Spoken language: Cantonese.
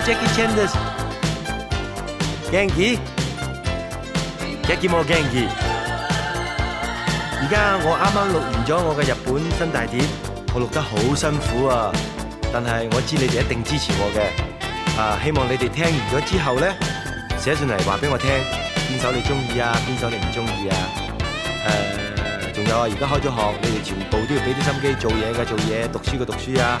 Jackie Chan，啲，元気？Jackie 冇元気。而家我啱啱錄完咗我嘅日本新大碟，我錄得好辛苦啊！但係我知你哋一定支持我嘅。啊，希望你哋聽完咗之後咧，寫信嚟話俾我聽，邊首你中意啊？邊首你唔中意啊？誒，仲有啊！而家開咗學，你哋全部都要俾啲心機做嘢嘅，做嘢讀書嘅讀，讀書啊！